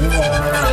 you are.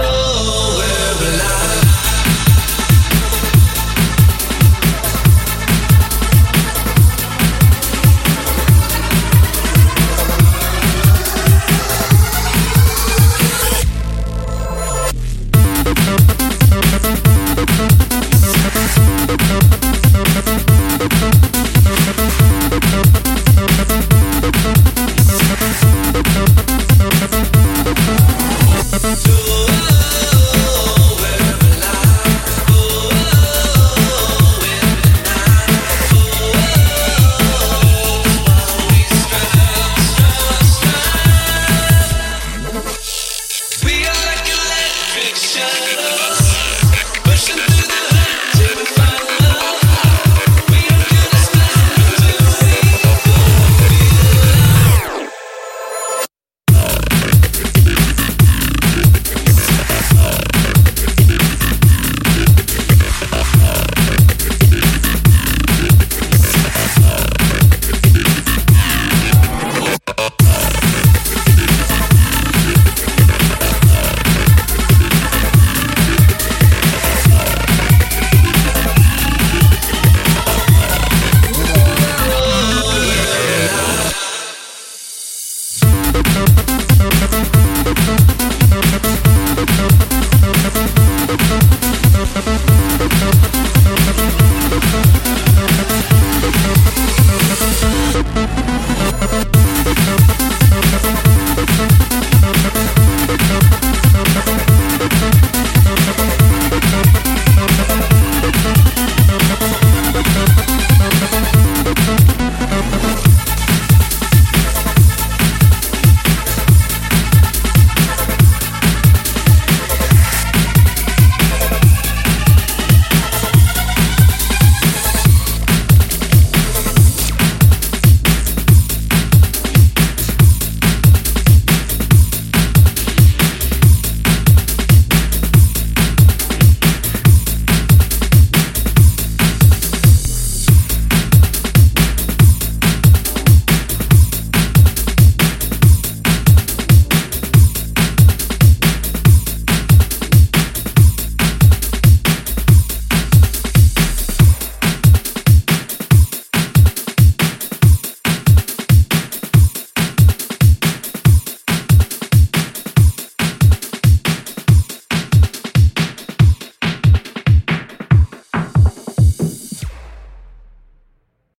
Thank you.